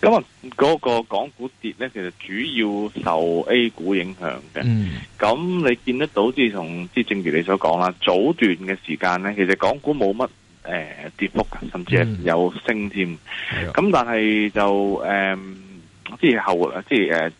咁啊，嗰、嗯、那個港股跌咧，其實主要受 A 股影響嘅。咁、嗯、你見得到，自從即係正如你所講啦，早段嘅時間咧，其實港股冇乜誒跌幅，甚至係有升添。咁、嗯、但係就誒、即、呃、係後，即係誒、呃，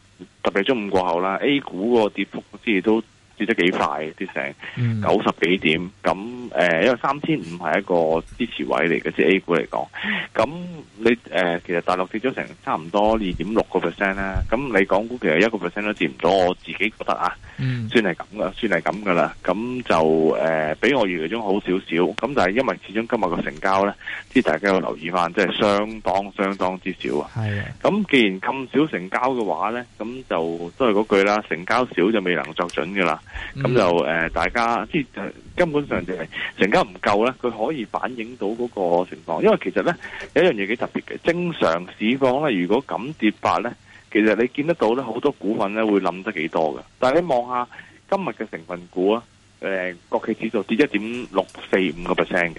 特別中午過後啦，A 股個跌幅即係都。跌得幾快，跌成九十幾點咁誒、呃，因為三千五係一個支持位嚟嘅，即係 A 股嚟講。咁你誒、呃、其實大陸跌咗成差唔多二點六個 percent 啦。咁、啊、你港股其實一個 percent 都跌唔到，我自己覺得啊，嗯、算係咁嘅，算係咁嘅啦。咁就誒、呃、比我預期中好少少。咁但係因為始終今日個成交咧，即大家有留意翻，即係相當相當之少啊。係啊。咁既然咁少成交嘅話咧，咁就都係嗰句啦，成交少就未能作準嘅啦。咁就誒，大家即係根本上就係成交唔夠咧，佢可以反映到嗰個情況。因為其實咧有一樣嘢幾特別嘅，正常市況咧，如果咁跌法咧，其實你見得到咧好多股份咧會冧得幾多嘅。但係你望下今日嘅成分股啊，誒國企指數跌一點六四五個 percent 嘅，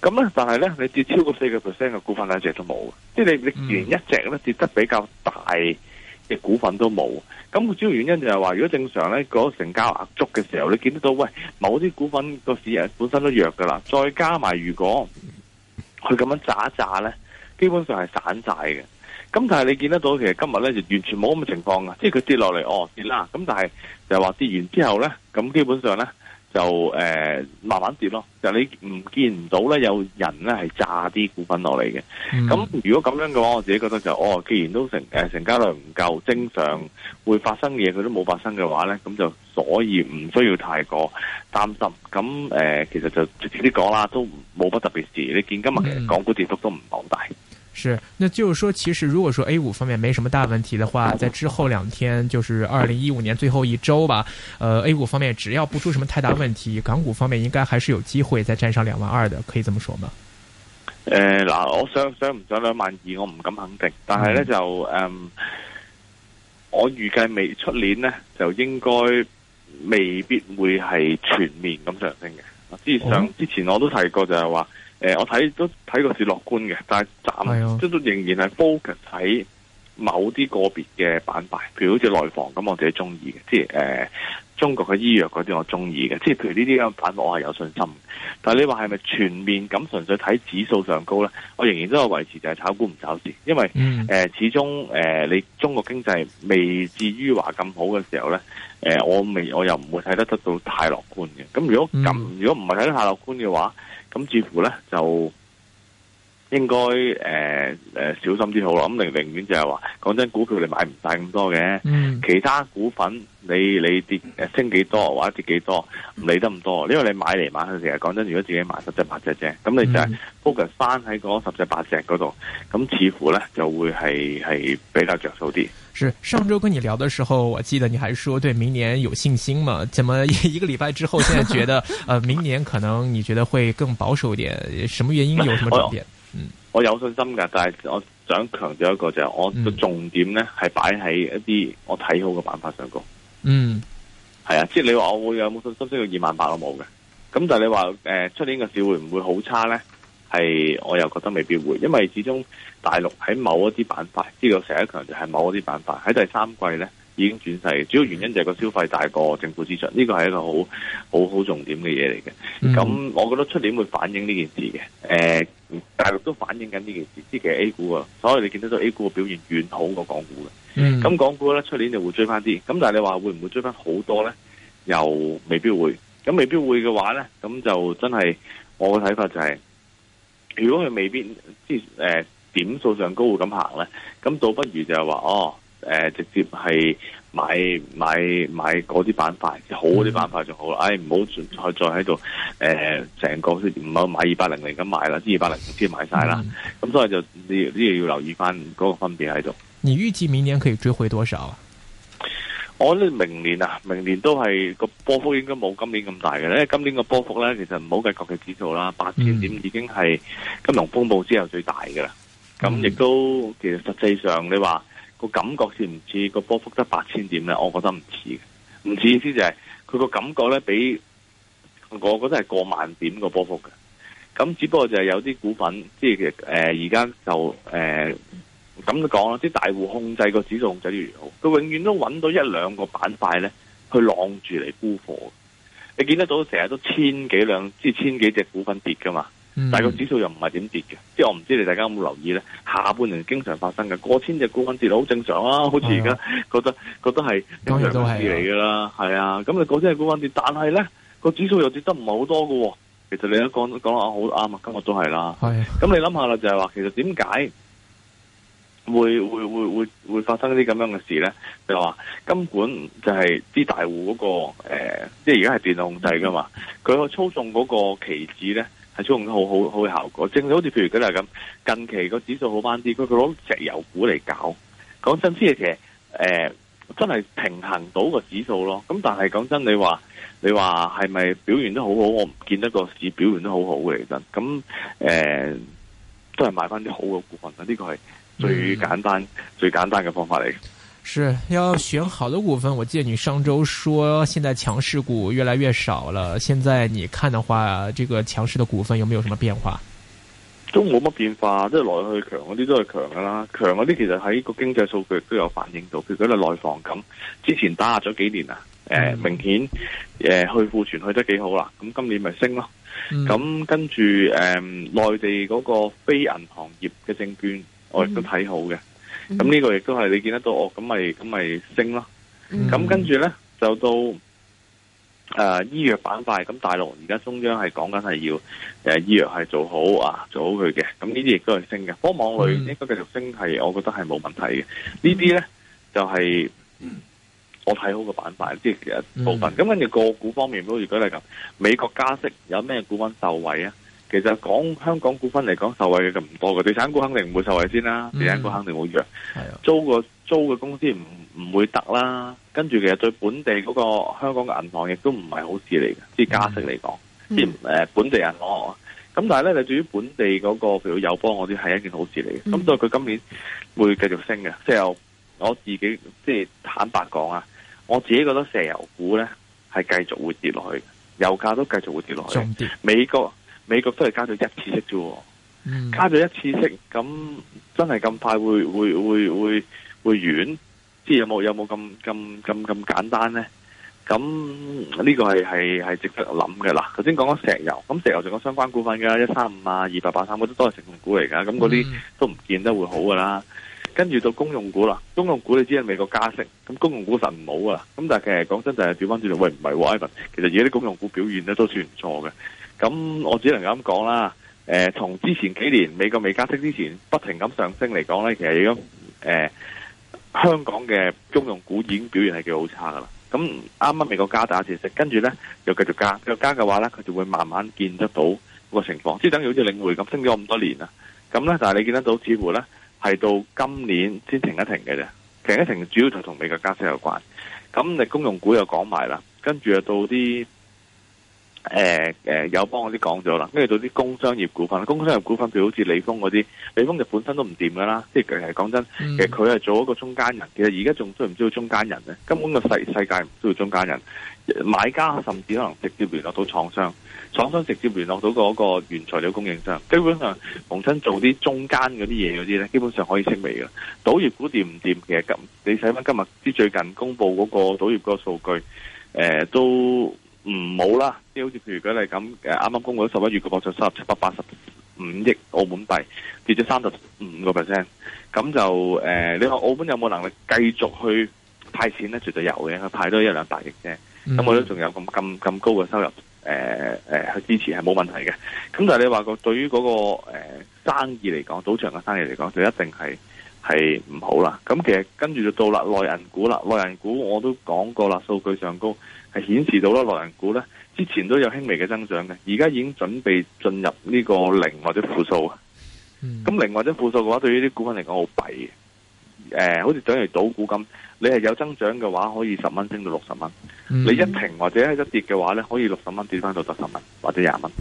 咁咧，但係咧你跌超過四個 percent 嘅股份，一隻都冇嘅，即係你連一隻咧跌得比較大。嘅股份都冇，咁主要原因就係話，如果正常咧，嗰、那個、成交額足嘅時候，你見得到，喂，某啲股份個市本身都弱噶啦，再加埋如果佢咁樣炸一炸咧，基本上係散晒嘅。咁但係你見得到，其實今日咧就完全冇咁嘅情況㗎，即係佢跌落嚟哦跌啦，咁但係就係話跌完之後咧，咁基本上咧。就誒、呃、慢慢跌咯，就是、你唔見唔到咧有人咧係炸啲股份落嚟嘅。咁、嗯、如果咁樣嘅話，我自己覺得就哦，既然都成誒成交量唔夠，正常會發生嘅嘢佢都冇發生嘅話咧，咁就所以唔需要太過擔心。咁誒、呃、其實就直接啲講啦，都冇乜特別事。你見今日港股跌幅都唔好大。嗯是，那就是說，其實如果說 A 股方面沒什麼大問題的話，在之後兩天，就是二零一五年最後一周吧，呃，A 股方面只要不出什麼太大問題，港股方面應該還是有機會再站上兩萬二的，可以這麼說嗎？呃嗱，我想想唔想兩萬二，我唔敢肯定，但係呢，嗯就嗯我預計未出年呢，就應該未必會係全面咁上升嘅，之想、哦、之前我都提過就係話。誒、呃，我睇都睇過是樂觀嘅，但係暫即都仍然係 focus 喺某啲個別嘅板塊，譬如好似內房咁，我自己中意嘅，即係誒、呃、中國嘅醫藥嗰啲我中意嘅，即係譬如呢啲咁嘅板塊我係有信心。但係你話係咪全面咁純粹睇指數上高咧？我仍然都係維持就係炒股唔炒市，因為誒、嗯呃、始終誒、呃、你中國經濟未至於話咁好嘅時候咧，誒、呃、我未我又唔會睇得得到太樂觀嘅。咁如果咁，如果唔係睇得太樂觀嘅話。咁似乎咧就應該誒誒小心啲好咯，咁你寧願就係話講真，股票你買唔晒咁多嘅，mm. 其他股份你你跌誒升幾多或者跌幾多唔理得咁多，因為你買嚟買去，其實講真，如果自己買十隻八隻啫，咁你就 focus 翻喺嗰十隻八隻嗰度，咁似乎咧就會係係比較着數啲。是上周跟你聊的時候，我記得你還說對明年有信心嘛？怎麼一個禮拜之後，現在覺得， 呃，明年可能你覺得會更保守一點？什麼原因？有什麼轉變？嗯，我有信心㗎，但係我想強調一個就係我嘅重點咧係擺喺一啲我睇好嘅板塊上邊。嗯，係啊，即係你話我會有冇信心升到二萬八都冇嘅，咁但係你話誒出年嘅市會唔會好差咧？係，我又覺得未必會，因為始終大陸喺某一啲板塊，呢、這個成一強就係某一啲板塊喺第三季咧已經轉勢，主要原因就係個消費大過政府支出，呢、這個係一個好好好重點嘅嘢嚟嘅。咁、嗯、我覺得出年會反映呢件事嘅、呃，大陸都反映緊呢件事，即係 A 股啊，所以你見得到 A 股嘅表現遠好過港股嘅。咁、嗯、港股咧，出年就會追翻啲，咁但係你話會唔會追翻好多咧？又未必會。咁未必會嘅話咧，咁就真係我嘅睇法就係、是。如果佢未必即係誒、呃、點數上高會咁行咧，咁倒不如就係話哦誒、呃，直接係買買買嗰啲板塊，好啲板塊就好啦，唉、嗯，唔好、哎、再再喺度誒成個唔好買二百零零咁買啦，即二百零零先買晒啦，咁、嗯、所以就呢呢要留意翻嗰個分別喺度。你預計明年可以追回多少？我呢明年啊，明年都係個波幅應該冇今年咁大嘅，因為今年個波幅咧，其實唔好計國際指數啦，八千點已經係金融風暴之後最大嘅啦。咁亦都其實實際上你話個感覺似唔似個波幅得八千點咧？我覺得唔似嘅，唔似意思就係佢個感覺咧，比我覺得係過萬點個波幅嘅。咁只不過就係有啲股份，即係其實誒而家就誒。呃咁講啦，啲大戶控制個指數控制越好，佢永遠都揾到一兩個板塊咧，去浪住嚟沽貨。你見得到成日都千幾兩，即係千幾隻股份跌噶嘛？嗯、但係個指數又唔係點跌嘅，即係我唔知你大家有冇留意咧。下半年經常發生嘅過千隻股份跌到好正常啊，好似而家覺得、啊、覺得係正常事嚟噶啦，係啊。咁、啊、你過千隻股份跌，但係咧個指數又跌得唔係好多㗎喎、啊。其實你都講講得好啱啊，今日都係啦。係、啊。咁你諗下啦，就係話其實點解？會會會會會發生一啲咁樣嘅事咧，譬如說就話根本就係啲大戶嗰、那個即係而家係電腦控制㗎嘛，佢去操縱嗰個期指咧，係操控得很好好好嘅效果。正好似譬如佢哋咁，近期個指數好返啲，佢佢攞石油股嚟搞。講真啲嘅嘢，誒、呃、真係平衡到個指數咯。咁但係講真，你話你話係咪表現得好好？我唔見得個市表現得很好好嘅，其實咁誒。呃都係買翻啲好嘅股份，呢個係最簡單、嗯、最簡單嘅方法嚟嘅。是要選好的股份。我記得你上周說，現在強勢股越來越少了。現在你看的話，這個強勢的股份有沒有什麼變化？都冇乜變化，即係來去強嗰啲都係強噶啦，強嗰啲其實喺個經濟數據都有反映到，譬如佢個內房咁，之前打壓咗幾年啊。誒、呃，明顯誒、呃、去庫存去得幾好啦，咁今年咪升咯。咁、嗯、跟住誒、呃、內地嗰個非銀行業嘅證券，嗯、我亦都睇好嘅。咁呢、嗯、個亦都係你見得到我，我咁咪咁咪升咯。咁、嗯、跟住咧就到誒、呃、醫藥板塊，咁大陸而家中央係講緊係要誒、呃、醫藥係做好啊，做好佢嘅。咁呢啲亦都係升嘅，科網類應該繼續升，係、嗯、我覺得係冇問題嘅。呢啲咧就係、是。嗯我睇好個板塊，即係其實部分。咁、嗯、跟住個股方面，如果你咁，美國加息有咩股份受惠啊？其實講香港股份嚟講，受惠嘅就唔多嘅。地產股肯定唔會受惠先啦，嗯、地產股肯定會弱。係租個租嘅公司唔唔會得啦。跟住其實對本地嗰個香港嘅銀行亦都唔係好事嚟嘅，嗯、即係加息嚟講，即誒、嗯、本地銀行、啊。咁但係咧，你對於本地嗰、那個譬如友邦，我啲係一件好事嚟嘅。咁所以佢今年會繼續升嘅，即係我自己即係坦白講啊。我自己覺得石油股咧係繼續會跌落去的，油價都繼續會跌落去的重點美。美國美國都係加咗一次息啫，嗯、加咗一次息，咁真係咁快會會會會會軟？即係有冇有冇咁咁咁咁簡單咧？咁呢、呢個係係係值得諗嘅啦。頭先講咗石油，咁石油仲有相關股份㗎，一三五啊，二八八三嗰啲都係成分股嚟㗎，咁嗰啲都唔見得會好㗎啦。跟住到公用股啦，公用股你知係美國加息，咁公用股實唔好噶，咁但係其實講真就係調翻轉頭，喂唔係喎，Ivan，其實而家啲公用股表現咧都算唔錯嘅。咁我只能咁講啦，誒、呃，從之前幾年美國未加息之前，不停咁上升嚟講咧，其實而家誒香港嘅公用股已經表現係幾好差噶啦。咁啱啱美國加打利息，跟住咧又繼續加，繼續加嘅話咧，佢就會慢慢見得到個情況，即係等於好似領匯咁升咗咁多年啦。咁咧，但係你見得到似乎咧。係到今年先停一停嘅啫，停一停主要就同美國加息有關。咁你公用股又講埋啦，跟住又到啲。誒誒、呃呃，有幫我啲講咗啦，跟住到啲工商業股份，工商業股份譬如好似利豐嗰啲，利豐就本身都唔掂㗎啦，即係講真，嗯、其實佢係做一個中間人，其實而家仲都唔需要中間人咧，根本個世世界唔需要中間人，買家甚至可能直接聯絡到廠商，廠商直接聯絡到嗰個原材料供應商，基本上逢親做啲中間嗰啲嘢嗰啲咧，基本上可以息微㗎。賭業股掂唔掂？其實你今你睇翻今日啲最近公布嗰個賭業個數據，誒、呃、都。唔好啦，即係好似譬如佢哋咁，誒啱啱公布咗十一月嘅博彩收入七百八十五億澳門幣，跌咗三十五個 percent，咁就誒、呃，你話澳門有冇能力繼續去派錢咧？絕對有嘅，佢派多一兩百億啫，咁、嗯、我都仲有咁咁咁高嘅收入，誒、呃、誒、呃、去支持係冇問題嘅。咁但係你話、那個對於嗰個誒生意嚟講，賭場嘅生意嚟講，就一定係係唔好啦。咁其實跟住就到啦，內銀股啦，內銀股我都講過啦，數據上高。係顯示到啦，內銀股咧之前都有輕微嘅增長嘅，而家已經準備進入呢個零或者負數啊。咁、嗯、零或者負數嘅話，對於啲股份嚟講好弊嘅。誒、呃，好似等於賭股咁，你係有增長嘅話，可以十蚊升到六十蚊；嗯、你一平或者一跌嘅話咧，可以六十蚊跌翻到十蚊或者廿蚊。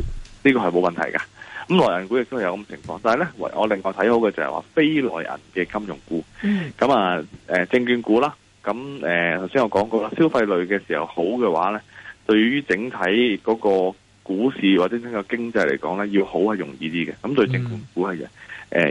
呢個係冇問題嘅。咁內銀股亦都係有咁情況，但係咧，我另外睇好嘅就係話非內銀嘅金融股。咁、嗯、啊，誒，證券股啦。咁誒，頭先、呃、我講過啦，消費類嘅時候好嘅話咧，對於整體嗰個股市或者整個經濟嚟講咧，要好係容易啲嘅。咁對政府股係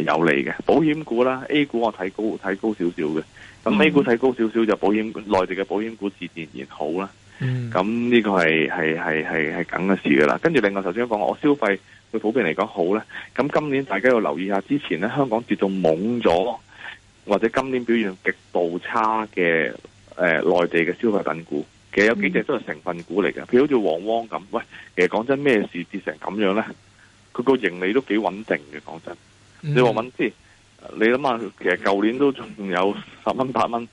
有利嘅。嗯、保險股啦，A 股我睇高睇高少少嘅。咁 A 股睇高少少就保險內地嘅保險股市自然然好啦。咁呢、嗯、個係係係係係梗嘅事噶啦。跟住另外頭先講過我消費會普遍嚟講好咧。咁今年大家要留意下，之前咧香港跌到懵咗。或者今年表現極度差嘅誒、呃、內地嘅消費品股，其實有幾隻都係成分股嚟嘅，嗯、譬如好似旺旺咁。喂，其實講真，咩事跌成咁樣咧？佢個盈利都幾穩定嘅。講真，嗯、你話問先，你諗下，其實舊年都仲有十蚊八蚊，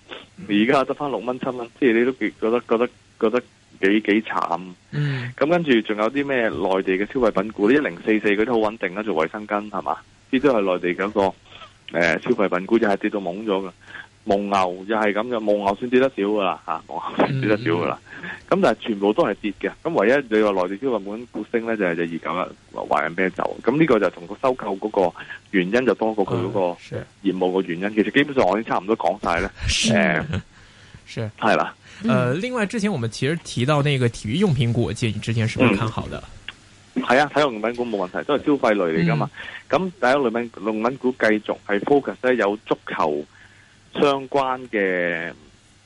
而家得翻六蚊七蚊，即係、就是、你都覺得覺得覺得幾幾慘。嗯。咁跟住仲有啲咩內地嘅消費品股？一零四四嗰啲好穩定啦，做衛生巾係嘛？呢啲係內地嘅一個。誒，消費品股就係跌到懵咗嘅，蒙牛就係咁嘅，蒙牛算跌得少噶啦吓，蒙牛算跌得少噶啦。咁、嗯、但係全部都係跌嘅，咁唯一你話內地消費品股升咧，就係隻二九一華潤啤酒。咁呢個就同個收購嗰個原因就多過佢嗰個業務嘅原因。嗯、其實基本上我已經差唔多講晒咧。是是係啦，誒，另外之前我們其實提到那個體育用品股，姐你之前是不是看好的？嗯係啊，體育用品股冇問題，都係消費類嚟噶嘛。咁體育用品股，用品股繼續係 focus 咧，有足球相關嘅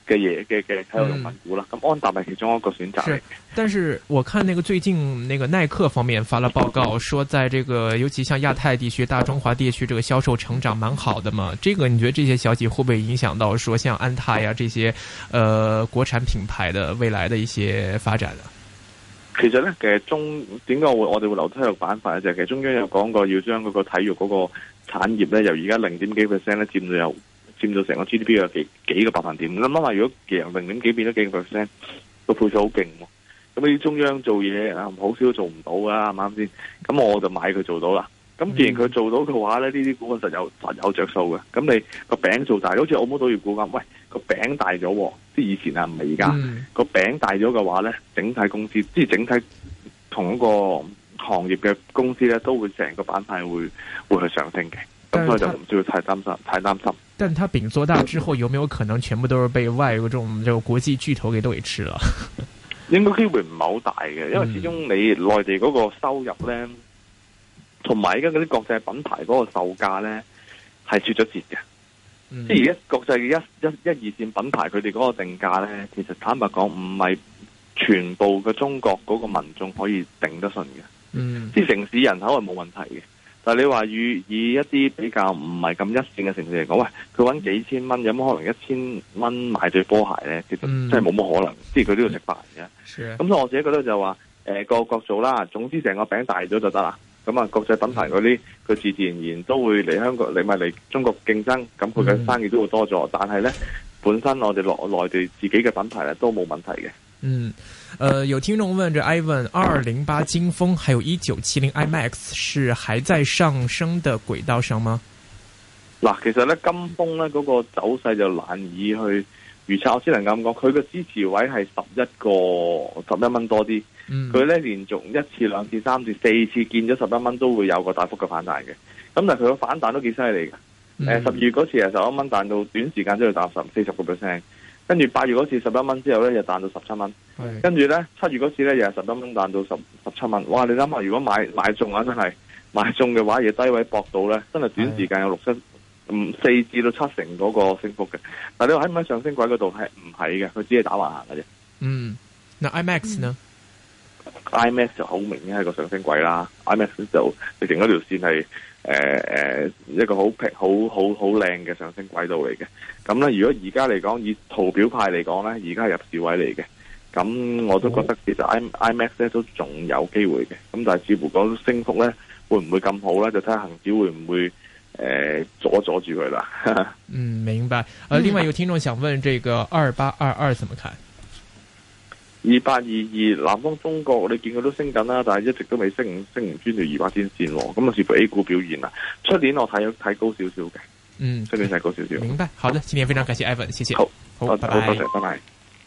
嘅嘢嘅嘅體育用品股啦。咁、嗯、安踏係其中一個選擇嚟。是，但是我看那個最近那個耐克方面發了報告，說在這個尤其像亞太地區、大中華地區，這個銷售成長蠻好的嘛。這個你覺得這些消息會不會影響到說，像安踏呀、啊、這些，呃國產品牌的未來的一些發展啊？其實咧，其實中點解我我哋會留體育板塊咧？就係其實中央有講過要將嗰個體育嗰個產業咧，由而家零點幾 percent 咧，佔到有佔到成個 GDP 有幾幾個百分點咁。諗諗下，如果由零點幾變咗幾個 percent，個配數好勁。咁你中央做嘢啊，好少都做唔到噶，啱唔啱先？咁我就買佢做到啦。咁既然佢做到嘅話咧，呢啲股份實有實有着數嘅。咁你個餅做大，好似澳門賭業股咁，喂。個餅大咗，即係以前啊，唔係而家。個餅大咗嘅話咧，整體公司，即係整體同一個行業嘅公司咧，都會成個板塊會會去上升嘅。咁所以就唔需要太擔心，太擔心。但係佢餅做大之後，是有冇有可能全部都是被外國種就國際巨頭給都給吃了？應該機會唔係好大嘅，因為始終你內地嗰個收入咧，同埋而家嗰啲國際品牌嗰個售價咧係跌咗折嘅。即而家國際嘅一一一,一,一二線品牌，佢哋嗰個定價咧，其實坦白講唔係全部嘅中國嗰個民眾可以頂得順嘅。嗯，即是城市人口係冇問題嘅，但係你話與以,以一啲比較唔係咁一線嘅城市嚟講，喂，佢搵幾千蚊，有冇、嗯、可能一千蚊買對波鞋咧？其實真係冇乜可能。即佢都要食飯嘅。咁、嗯、所以我自己覺得就話，誒、呃、個國造啦，總之成個餅大咗就得啦。咁啊，嗯嗯、國際品牌嗰啲，佢自自然然都會嚟香港，你咪嚟中國競爭，咁佢嘅生意都會多咗。嗯、但係咧，本身我哋落內地自己嘅品牌咧，都冇問題嘅。嗯，呃，有聽眾問：者 Ivan 二零八金風，還有一九七零 IMAX，是還在上升的軌道上嗎？嗱，其實咧，金風咧嗰個走勢就難以去預測我只能咁講，佢個支持位係十一個十一蚊多啲。佢咧、嗯、連續一次、兩次、三次、四次見咗十一蚊都會有個大幅嘅反彈嘅。咁但係佢個反彈都幾犀利嘅。誒，十二月嗰次係十一蚊彈到短時間都要彈十四、十個 percent。跟住八月嗰次十一蚊之後咧又彈到十七蚊。跟住咧七月嗰次咧又係十一蚊彈到十十七蚊。哇！你諗下，如果買買中啊，真係買中嘅話，嘢低位博到咧，真係短時間有六七。嗯，四至到七成嗰個升幅嘅，但係你喺唔喺上升軌嗰度？係唔係嘅，佢只係打橫行嘅啫。嗯、mm.，那 IMAX 呢？IMAX 就好明顯係個上升軌啦。IMAX 就直情嗰條線係誒誒一個好平、好好好靚嘅上升軌道嚟嘅。咁咧，如果而家嚟講以圖表派嚟講咧，而家係入市位嚟嘅。咁我都覺得其實 IM A,、oh. i IMAX 咧都仲有機會嘅。咁但係似乎講升幅咧會唔會咁好咧？就睇下恒指會唔會？誒，阻阻住佢啦。嗯，明白。誒，另外有聽眾想問，這個二八二二怎麼看？二八二二，南方中國，我哋見佢都升緊啦，但係一直都未升，升唔穿條二八天線。咁啊，似乎 A 股表現啦，出年我睇睇高少少嘅。嗯，出年睇高少少。明白，好的，今天非常感謝 Ivan，謝謝。好，好，拜拜，多謝，拜拜。